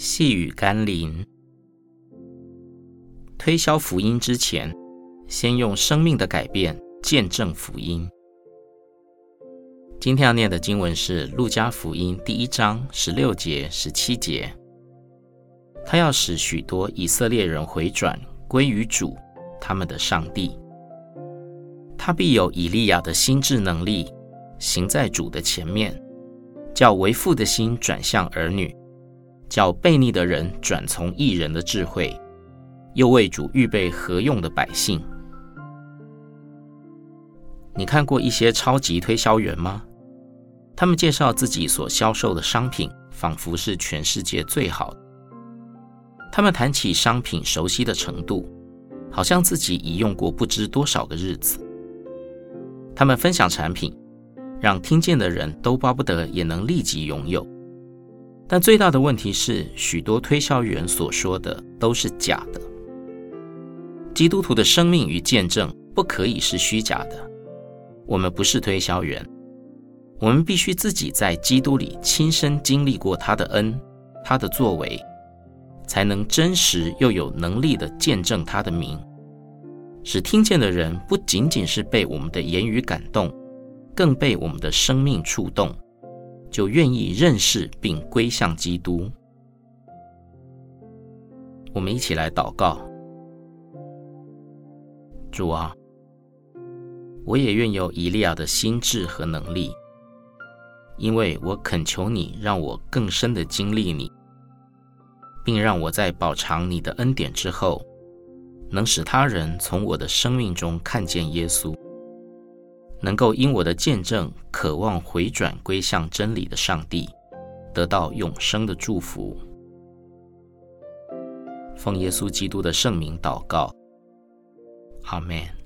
細語甘霖，推銷福音之前，先用生命的改變見證福音。今天要念的經文是《路加福音》第一章十六節、十七節。他要使許多以色列人回轉歸於主，他們的上帝。他必有以利亞的心志能力，行在主的前面，叫為父的心轉向兒女。叫悖逆的人轉從義人的智慧，又為主預備合用的百姓。你看過一些超級推銷員嗎？他們介紹自己所銷售的商品，仿佛是全世界最好的。他們談起商品熟悉的程度，好像自己已用過不知多少個日子。他們分享產品，讓聽見的人都巴不得也能立即擁有。但最大的問題是，許多推銷員所說的都是假的。基督徒的生命與見證不可以是虛假的。我們不是推銷員，我們必須自己在基督裡親身經歷過他的恩、他的作為，才能真實又有能力地見證他的名，使聽見的人不僅僅是被我們的言語感動，更被我們的生命觸動。就願意認識並歸向基督。我們一起來禱告：主啊，我也願有以利亞的心志和能力，因為我懇求你，讓我更深地經歷你，並讓我在飽嘗你的恩典之後，能使他人從我的生命中看見耶穌。能夠因我的見證，渴望回轉歸向真理的上帝，得到永生的祝福。奉耶穌基督的聖名禱告，阿門。